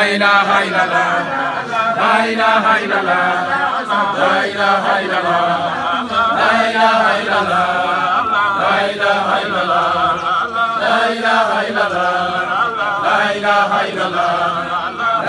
إله إلا الله لا إله إلا الله لا إله إلا الله لا إله إلا الله لا إله إلا الله لا إله إلا الله لا إله إلا الله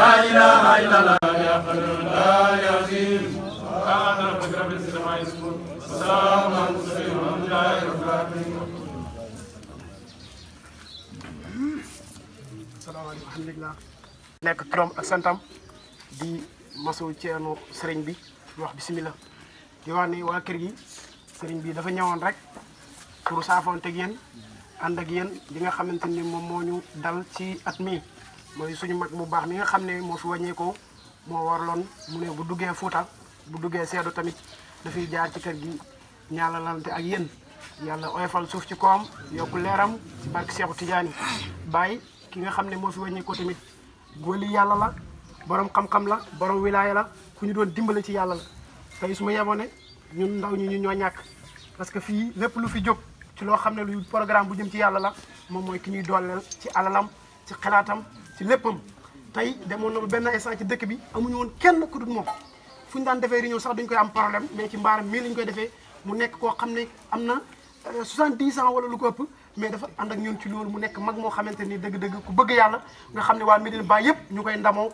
لا إله إلا الله يا قدر يا عزيز سبحان ربك رب العزة عما يصفون وسلام على المرسلين والحمد لله رب العالمين السلام عليكم الحمد لله nekk turam ak santam di masu ceenu sëriñ bi di wax bisimilah di wax ni waa kër gi sëriñ bi dafa ñëwoon rek pour saafoonteeg yéen ànd ak yéen li nga xamante ni moom moo ñu dal ci at mi mooy suñu mag mu baax mi nga xam ne moo fi wàññeekoo moo warloon mu ne bu duggee Fuuta bu duggee Seedu tamit dafay jaar ci kër gi ñaalalante ak yéen yàlla oyofal suuf ci koom yokku leeram ci barke Seexu Tijaani bàyyi ki nga xam ne moo fi wàññeekoo tamit. wali yàlla la borom xam-xam la borom wilaaya la ku ñu doon dimbale ci yàlla la tey su ma yeboo ne ñun ndaw ñu ñu ñoo ñàkk parce que fii lépp lu fi jóg ci loo xam ne lu programme bu jëm ci yàlla la moom mooy ki ñuy dooleel ci alalam ci xalaatam ci léppam tey demoon na benn instant dëkk bi amuñu woon kenn ku dul moom fu ñu daan defee réunion sax duñ koy am problème mais ci mbaaram mii la ñu koy defee mu nekk koo xam ne am na 70 euh, ans wala lu ko ëpp mais dafa ànd ak ñun ci loolu mu nekk mag moo xamante ni dëgg-dëgg ku bëgg yàlla nga xam ne waa Médina Baye yëpp ñu koy ndamoo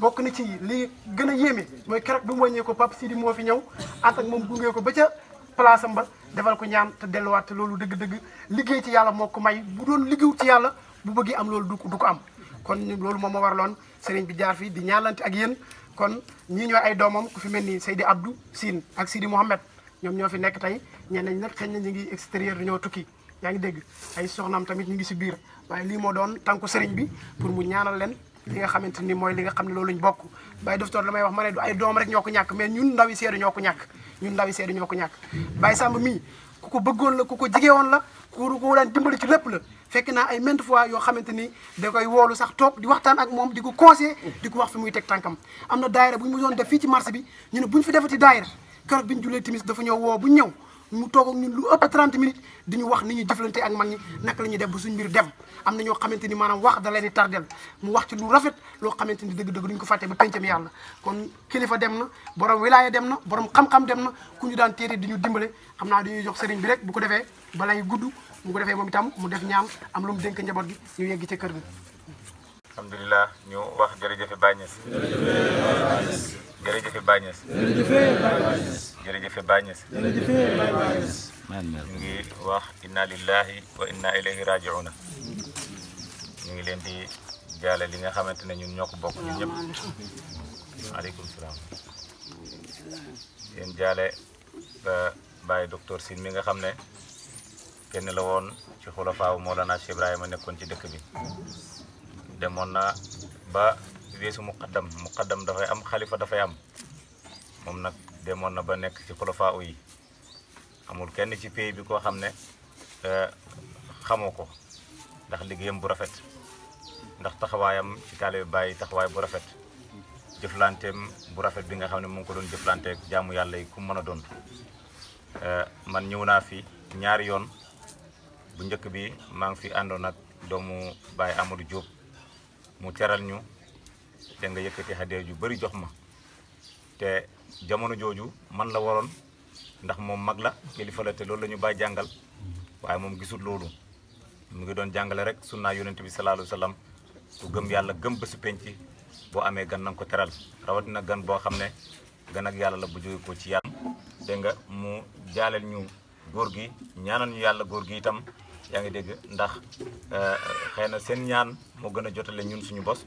bokk na ci li gën a yéeme mooy keroog bi mu wàññee ko Pape Sidi moo fi ñëw ànd ak moom gungee ko ba ca place am ba defal ko ñaan te delluwaat te loolu dëgg-dëgg liggéey ci yàlla moo ko may bu doon liggéeyu ci yàlla bu bëgg am loolu du ko du ko am kon loolu moom ma waraloon sëriñ bi jaar fii di ñaalante ak yéen kon ñii ñooy ay doomam ku fi mel ni Seydi Abdou Sine ak Sidi Mouhamed ñoom ñoo fi nekk tey ñeneen ñi nag xëy na ñu ngi extérieur di ñoo tukki yaa ngi dégg ay soxnaam tamit ñu ngi si biir waaye lii moo doon tànku sëriñ bi pour mu ñaanal leen li nga xamante mooy li nga xam ne loolu lañ bokk Baye Docteur damay wax ma ne doom rek ñoo ñàkk mais ñun ndaw yi seedu ñoo ko ñàkk ñun ndaw yi seedu ko ñàkk Baye Samb mii ku ko bëggoon la ku ko jigee woon la ku ko daan dimbali ci lépp la fekk naa ay maintes fois yoo xamante ni da koy woolu sax toog di waxtaan ak moom di ko conseillé di ko wax fi muy teg tànkam am na daayira bu ñu mu doon def fii ci marché bi ñu ne bu ñu fi defati daayira keroog bi dafa ñëw woo ñëw mu toog ak ñun lu ëpp 30 minutes di ñu wax ni ñu jëflante ak mag ñi naka la ñuy def ba suñ mbir dem am na ñoo xamante ni maanaam wax da leen di tardel mu wax ci lu rafet loo xamante ni dëgg-dëgg duñ ko fàtte ba pencam yàlla kon kilifa dem na borom wilaaya dem na borom xam-xam dem na ku ñu daan téere di dimbale xam naa dañuy jox sëriñ bi rek bu ko defee balay gudd mu ko defee moom itam mu def ñaam am lu mu dénk njaboot gi ñu yegg ci kër gi alhamdulilah ñu wax jërëjëf Baye Niass jërëjëf Baye Niass. jërëjëf Baye Niass. jërëjëf ngi wax inna lillahi wa inna ilayhi raji'una ñu ngi leen di jaale li nga xamante ne ñun ñoo ko bokk ñun ñëpp. maaleykum salaam. yéen jaale Baye docteur Sine mi nga xam ne kenn la woon ci xulafaawu Mawlana Cheikh Ibrahima nekkoon ci dëkk bi demoon na ba. weesu muqaddam muqaddam dafay am xalifa dafay am moom nag demoon na ba nekk ci xulafaa yi amul kenn ci pays bi koo xam ne euh, xamoo ko ndax liggéem bu rafet ndax taxawaayam ci taalibe Baay taxawaay bu rafet jëflanteem bu rafet bi nga xam ne mu ngi ko doon jëflanteek jaamu yàlla yi ku mën a doon euh, man ñëw naa fi ñaari yoon bu njëkk bi maa ngi fi àndoon ak doomu Baay amul Diop mu teral ñu te nga yëkkati hadiya ju bari jox ma te jamono jooju man la waroon ndax moom mag la kilifa la te loolu la ñu bàyyi jàngal waaye moom gisul loolu mu ngi doon jàngale rek sunnaa yonent bi sallallahu alayhi wasallam ku gëm yàlla gëm ba bésu penc boo amee gan nanga ko teral rawatina gan boo xam ne gan ak yàlla la bu jóge ko ci yàlla dégg nga mu jaaleel ñu góor gi ñaanal ñu yàlla góor gi itam yaa ngi dégg ndax euh, xëy na seen ñaan moo gën a jotale ñun suñu bos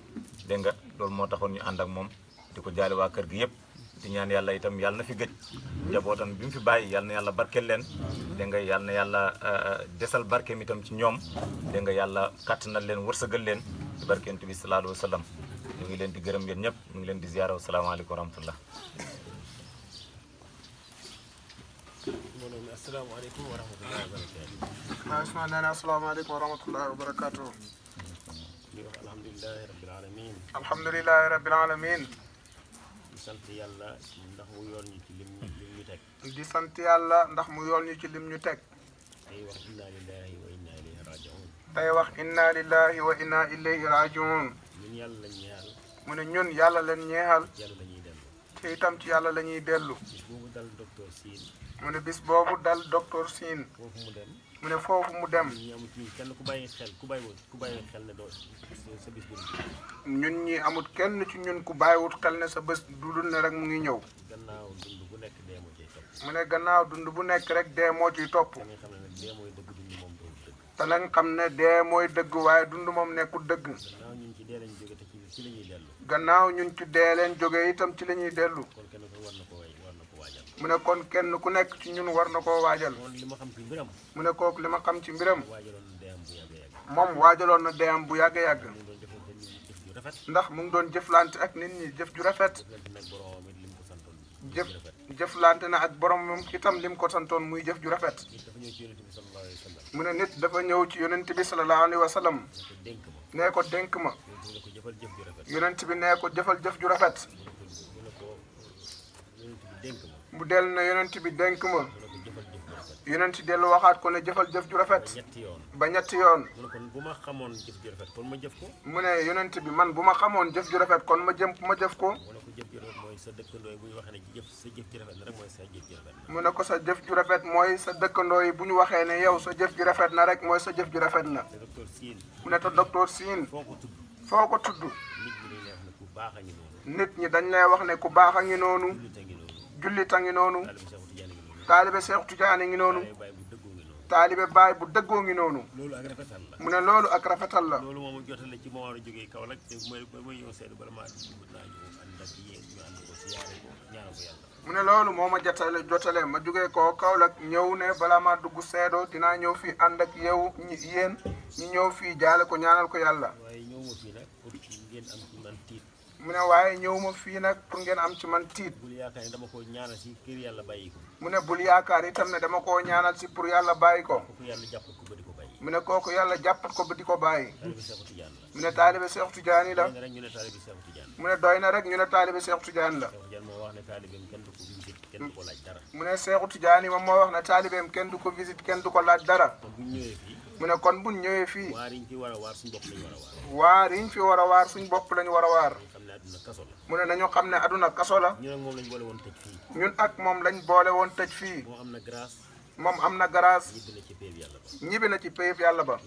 dégg nga loolu moo taxoon ñu ànd ak moom di ko jaale waa kër gi yëpp di ñaan yàlla itam yàlla na fi gëj njabootam bi mu fi bàyyi yàlla na yàlla barkeel leen dégg nga yàlla na yàlla euh, euh, desal barkeem itam ci ñoom dégg nga yàlla kàttanal leen wërsëgal leen ci barkeentu bi sallallahu alayhi wa sallam ngi leen di gërëm yéen ñëpp ñu ngi leen di ziyaara salaamaaleykum wa rahmatullah mbooloo di wax alhamdulilahi rabil alamin alhamdulilahi rabil alamin di sant yàlla ndax mu yoon ñu ci lim ñu teg di sant yàlla ndax mu yoon ñu ci lim ñu teg tey wax inna lillahi wa inna ilayhi rajiun tey wax inna lillahi wa inna ilayhi rajiun ñun yàlla lañ ñeexal mu ñun yàlla leen ñeexal yàlla la ñuy dellu ci yàlla la ñuy dellu bis boobu dal docteur Sine mu bis boobu dal docteur Sine mu dem mu ne foofu mu dem. ñun ñi amut kenn ku bàyyi xel ku bàyyiwut ku bàyyi xel ne doo sa bés ñun ñi amut kenn ci ñun ku bàyyiwut xel ne sa bés du dul ne rek mu ngi ñëw. gannaaw dund bu nekk dee mu ne gannaaw dund bu nekk rek dee moo ci topp. te nga xam ne dee mooy dëgg moom du dëgg. ne dee mooy dëgg waaye dund moom nekkul dëgg. gannaaw ñun ci dee lañ jógee te ci la ñuy dellu. gannaaw ñun ci dee leen jógee itam ci la ñuy dellu. mu ne kon kenn ku nekk ci ñun war na ko waajal. li ma xam ci mbiram. mu ne kooku li ma xam ci mbiram. moom waajaloon na deyam bu yàgg yàgg. ndax mu ngi doon jëflante ak nit ñi jëf ju rafet. jëf jëflante na ak borom moom itam lim ko santoon muy jëf ju rafet. mu ne nit dafa ñëw ci yonent bi sallallahu alayhi wa sallam. nee ko dénk ma. yonent bi nee ko jëfal jëf ju rafet. bu dellu ne yonent bi dénk ma yonent dellu waxaat ko ne jëfal jëf ju rafet ba ñetti yoon bu ma xamoon jëf ju rafet kon ma jëf ko mu ne yonent bi man bu ma xamoon jëf ju rafet kon ma jëm ma jëf ko mu ne ko sa jëf ju rafet mooy sa dëkkandoo yi bu ñu waxee ne yow sa jëf ju rafet na rek mooy sa jëf ju rafet na mu ne te docteur Sine foo ko tudd nit ñi dañ lay wax ne ku baax a ngi noonu jullit a ngi noonu taalibe Seex Tijaani ngi noonu taalibe baay bu dëggoo ngi noonu mu ne loolu ak rafetal la loolu moom ci moom a jógee Kaolack mooy ñëw seet bala maa mu ne loolu moo ma jotale jotale ma jógee ko Kaolack ñëw ne bala maa dugg seedoo dinaa ñëw fii ànd ak yow ñi yéen ñu ñëw fii jaale ko ñaanal ko yàlla waaye ñëw fii nag pour ngeen am mu ne waaye ñëwuma fii nag pour ngeen am ci man tiit. bul yaakaar ne dama koo ñaanal si kër yàlla bàyyi ko. mu ne bul yaakaar itam ne dama koo ñaanal si pour yàlla bàyyi ko. kooku yàlla jàppat ko ba di ko bàyyi. mu ne kooku yàlla jàppat ko ba di ko bàyyi. mu ne taalibe Seex Tijaan la. mu ne doy na rek ñu ne taalibe Seex Tijaan la. mu ne Seex Tijaan moom moo wax ne taalibeem kenn du ko visite kenn du ko laaj dara. mu ne kon buñ ñëwee fii. waar yi ñu fi war a waar suñ bopp lañ war a waar. waar yi ñu fi war a waar suñ bopp lañ war a waar. mu ne nañu xam ne aduna kaso la. ñun ak moom lañ boole woon tëj fii. ñun ak moom lañ boole woon tëj fii. moo am na grâce. moom am na garage ñibbi na ci péyib yàlla ba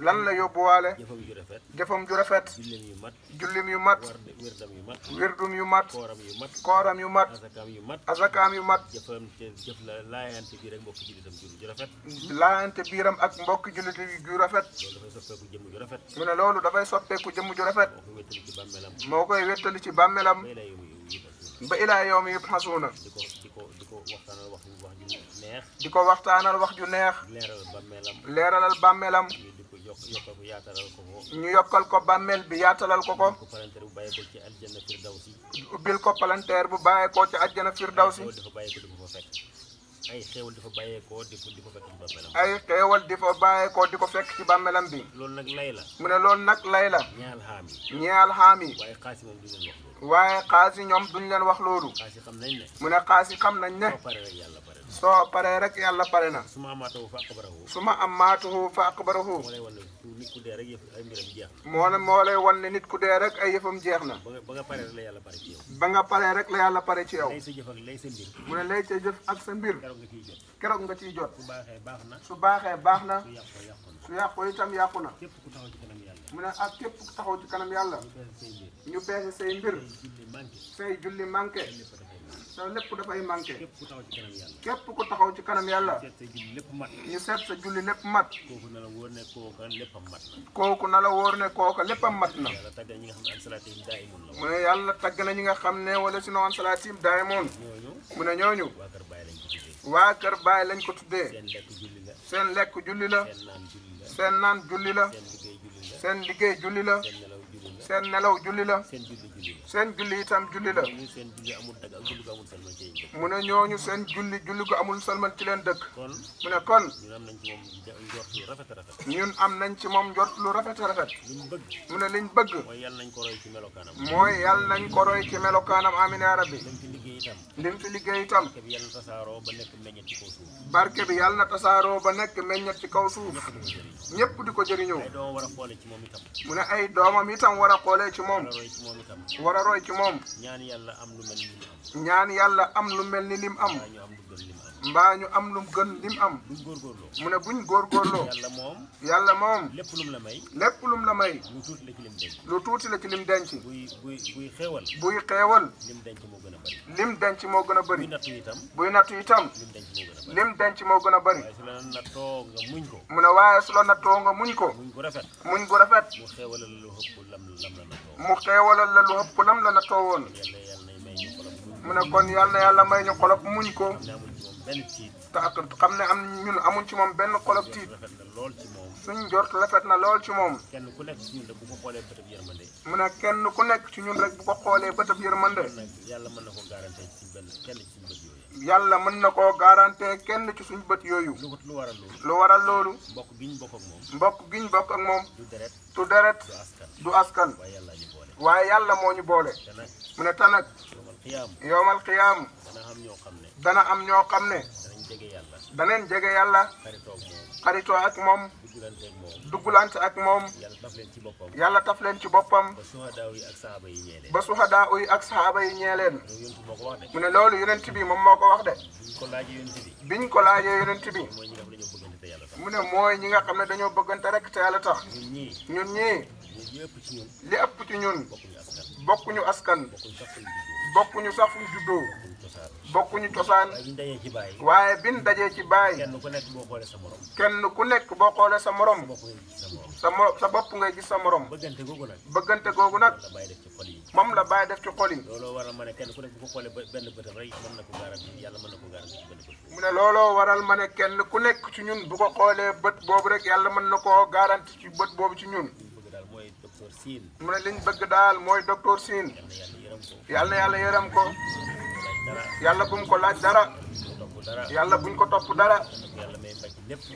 lan la yóbbuwaale jëfam ju rafet jullim yu mat wirdum yu mat kooram yu mat asakaam yu mat laayante biiram ak mbokki jullit ju rafet mu ne loolu dafay soppeeku jëmm ju rafet moo koy wettali ci bàmmelam ba ilaa yawmi yubhasuuna di ko waxtaanal wax ju neex. leeralal bàmmeelam. leeralal bàmmeelam. ñu yokkal ko bàmmeel bi yaatalal ko ko. ubbil ko palanteer bu bàyyeekoo ci àjjana firdawsi. ay xeewal di fa bàyyeekoo di ko fekk ci bàmmeelam. ay xeewal di fa bàyyeekoo di ko fekk ci bàmmeelam bi. loolu nag lay la. mu ne loolu nag la. ñaal xaam yi. ñaal xaam yi. waaye xaasi moom duñ leen wax loolu. ñoom duñ leen wax loolu. xaasi xam nañ ne. mu ne xaasi xam nañ ne. soo yàlla soo paree rek yàlla pare na. su ma amaatoo fa aqbarahu. su ma amaatoo fa aqbarahu. moo ne moo lay wan ne nit ku dee rek ay yëfam jeex na. ba nga paree rek la yàlla pare ci yow. ba nga paree la yàlla pare ci yow. lay sa jëf ak lay sa mbir. mu ne lay sa jëf ak sa mbir. keroog nga ciy jot. nga ciy jot. su baaxee baax na. su baaxee baax na. su yàqoo itam yàqu na. képp ku taxaw ci kanam yàlla. mu ne ak képp ku taxaw ci kanam yàlla. ñu beese say mbir. say julli manqué. te lépp dafay manqué. képp ku taxaw ci képp ku taxaw ci kanam yàlla. ñu seet sa julli lépp mat. seet sa julli lépp mat. kooku na la ne kooka léppam mat na. kooku na la wóor ne kooka léppam mat na. yàlla tàgg na ñi nga xam ne an salaatihim daa'imuun la. mu ne yàlla tàgg na ñi nga xam ne wala sinon an salaatihim daa'imuun. mu ne ñooñu. waa kër Baay lañ ko tuddee. seen lekk julli la. seen lekk julli la. seen naan julli la. seen liggéey julli la. seen nelaw julli la. seen julli itam julli la. seen julli amul dagg mu ne ñooñu seen julli julli gu amul salmal ci leen dëkk. mu ne kon. ñun am nañ ci moom njort lu rafet a rafet. mu ne liñ bëgg. mooy yal nañ ko roy ci melokaanam. mooy yal nañ ko roy ci melokaanam amiin yaa rabbi. lim fi liggéey itam. barke bi yal na tasaaroo ba nekk meññet ci kaw suuf. ñëpp di ko jëriñoo. mu ne ay doomam itam war a xoolee ci moom. war a ci moom. ñaan yàlla am lu mel ni ñaan yàlla am lu mel ni lim am mbaa ñu am lu gën lim am mu ne buñ góorgóorloo yàlla moom lépp lum la may lépp lum la may lu tuuti la ci lim denc buy xeewal buy xeewal lim denc moo gën a bëri buy nattu itam lim denc moo gën a bëri mu ne waaye su la nattoo nga muñ ko muñ gu rafet mu xeewalal la lu ëpp lam la nattoo woon mu ne kon yal na yàlla may ñu xolob muñ ko te ak xam ne am ñun amuñ ci moom benn xolob tiit suñ jort rafet na lool ci moom mu ne kenn ku nekk ci ñun rek ko xoolee bëtëb yërmande yàlla mën na koo garanté kenn ci suñu bët yooyu lu waral loolu mbokk gi ñu bokk ak moom mbokk gi ñu bokk ak moom du deret du askan waaye yàlla moo ñu boole mu ne tanak qiyaam. yowmal qiyaam. dana am ñoo xam ne. dana am ñoo xam ne. danañ jege yàlla. danañ jege yàlla. xaritoo ak moom. xaritoo ak moom. duggulante ak moom. duggulante ak moom. yàlla taf leen ci boppam. yàlla taf leen ci boppam. ba suhadaa yi ak sahaaba yi ñee leen. ba suhadaa yi ak sahaaba yi ñee leen. mu ne loolu yonent bi moom moo ko wax de. biñ ko laajee yonent bi. biñ ko laajee yonent bi. mu ne mooy ñi nga xam ne dañoo bëggante rek te yàlla tax. ñun ñii. li ëpp ci ñun. bokkuñu askan. bokkuñu askan. bokkuñu sax fu ñu juddoo. bokkuñu cosaan. waaye bin dajee ci baay. kenn ku nekk boo xoolee sa morom. kenn ku nekk boo xoolee sa morom. sa morom sa bopp nga gis sa morom. bëggante googu nag. bëggante googu nag. moom la bàyyi def ci xol yi. looloo waral ma ne kenn ku nekk bu ko xoolee benn bët rek mën na ko garanti yàlla mën na ko garanti mu ne looloo waral ma ne kenn ku nekk ci ñun bu ko xoolee bët boobu rek yàlla mën na koo garanti ci bët boobu ci ñun. mu ne liñ bëgg daal mooy docteur Sine. yàlla na yàlla yërëm ko yàlla bu mu ko laaj dara yàlla buñ ko topp dara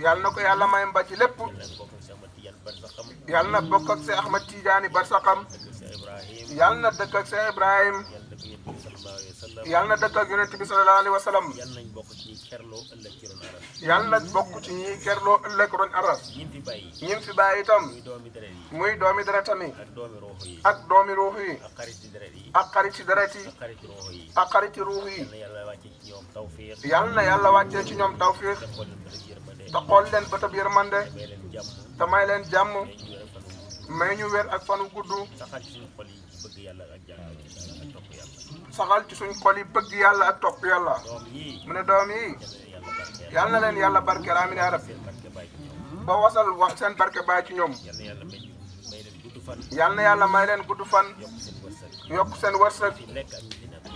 yàlla na ko yàlla may mbàcc lépp yàlla na bokk ak Seex Ahmad Tijaani Barsaxam yàlla na dëkk ak Seex Ibrahim yal na dëkk ak yonent bi sallallahu alayhi wa sallam. yal nañ bokk ci ñiy kerloo ëllëg ci ron aras. yal na bokk ci ñiy kerloo ëllëg ron aras. ñi fi bàyyi. ñi fi bàyyi itam. muy doomi deret yi. muy doomi deretam yi. ak doomi ruux yi. ak doomi ruux yi. ak xarit ci deret yi. ak xarit ci deret yi. ak xarit ruux yi. ak xarit ruux yi. yal na yàlla wàccee ci ñoom tawfiix. te xool leen bëtëb yërmande. te may leen jàmm. may ñu wér ak fanu gudd. saxal ci suñu xol yi bëgg yàlla ak jàng saxal ci suñ xol yi bëgg yàlla a topp yalla mu ne doom yi yal na leen yàlla barkeel amiin yaa rabbi ba wasal wax seen barke baay ci ñoom yal na yàlla may leen gudd fan yokk seen wërsëg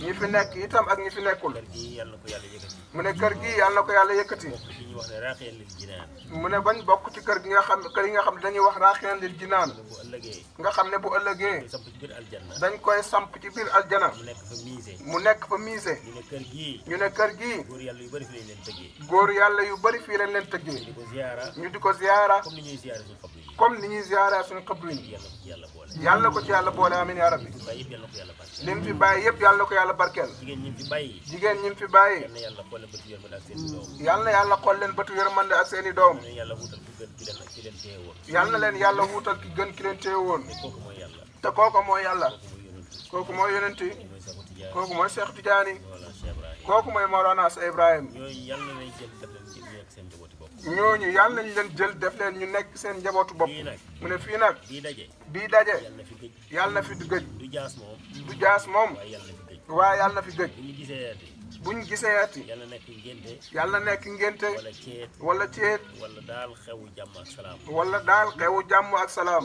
ñi fi nekk itam ak ñi fi nekkul mu ne kër gi yal na ko yàlla yëkkati dañuy wax ne raaxeen lil jinaan mu ne bañ bokk kër gi nga xam kër yi nga xam ne dañuy wax raaxeen lil jinaan bu ëllëgee nga xam ne bu ëllëgee samp ci biir aljanna dañ koy samp ci biir aljanna mu nekk fa mu nekk fa miise ñu ne kër gii ñu ne kër gii góor yàlla yu bëri fii lañ leen tëggee góor yàlla yu bëri fii lañ leen tëggee ñu di comme ni ñuy ziara suñu xabru yi yàlla ko ci yàlla boole amiin yaa rabbi lim fi bàyyi yëpp yàlla ko yàlla barkeel jigéen ñi fi bàyyi jigéen ñi fi bàyyi yàlla na yàlla xool leen bëtu yërmande ak seen i doom yàlla na leen yàlla wuutal ki gën ki leen téye woon te kooku mooy yàlla kooku mooy yonent kooku mooy Cheikh Tidiane kooku mooy Mawlana Ibrahim ñooñu yàlla nañ leen jël def leen ñu nekk seen njabootu bopp mu ne fii nag bii daje yàlla na fi gëj du jaas moom waaye yàlla na fi gëj bu ñu gisee ati. yàlla nekk ngénte. yàlla nekk ngénte. wala ceet. wala ceet. wala daal xewu jàmm ak salaam. wala daal xewu jàmm ak salaam.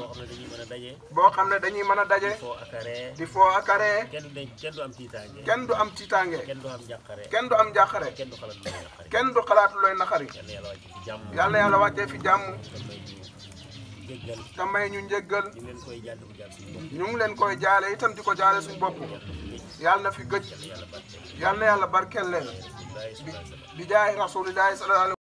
boo xam ne dañuy mën a daje. boo xam ne dañuy mën a daje. di foo akaree. di foo akaree. kenn du kenn du am tiitaange. kenn du am tiitaange. kenn du am njàqare. kenn du am du xalaat looy naxari. kenn du xalaat looy naxari. yàlla yàlla wàccee fi jàmm. damay ñu njëggal. ñu ngi leen koy jaale itam di ko jaale suñu bopp yàlla na fi gëj yàlla na yàlla barkeel leen bi jaay rasulillahi sallallahu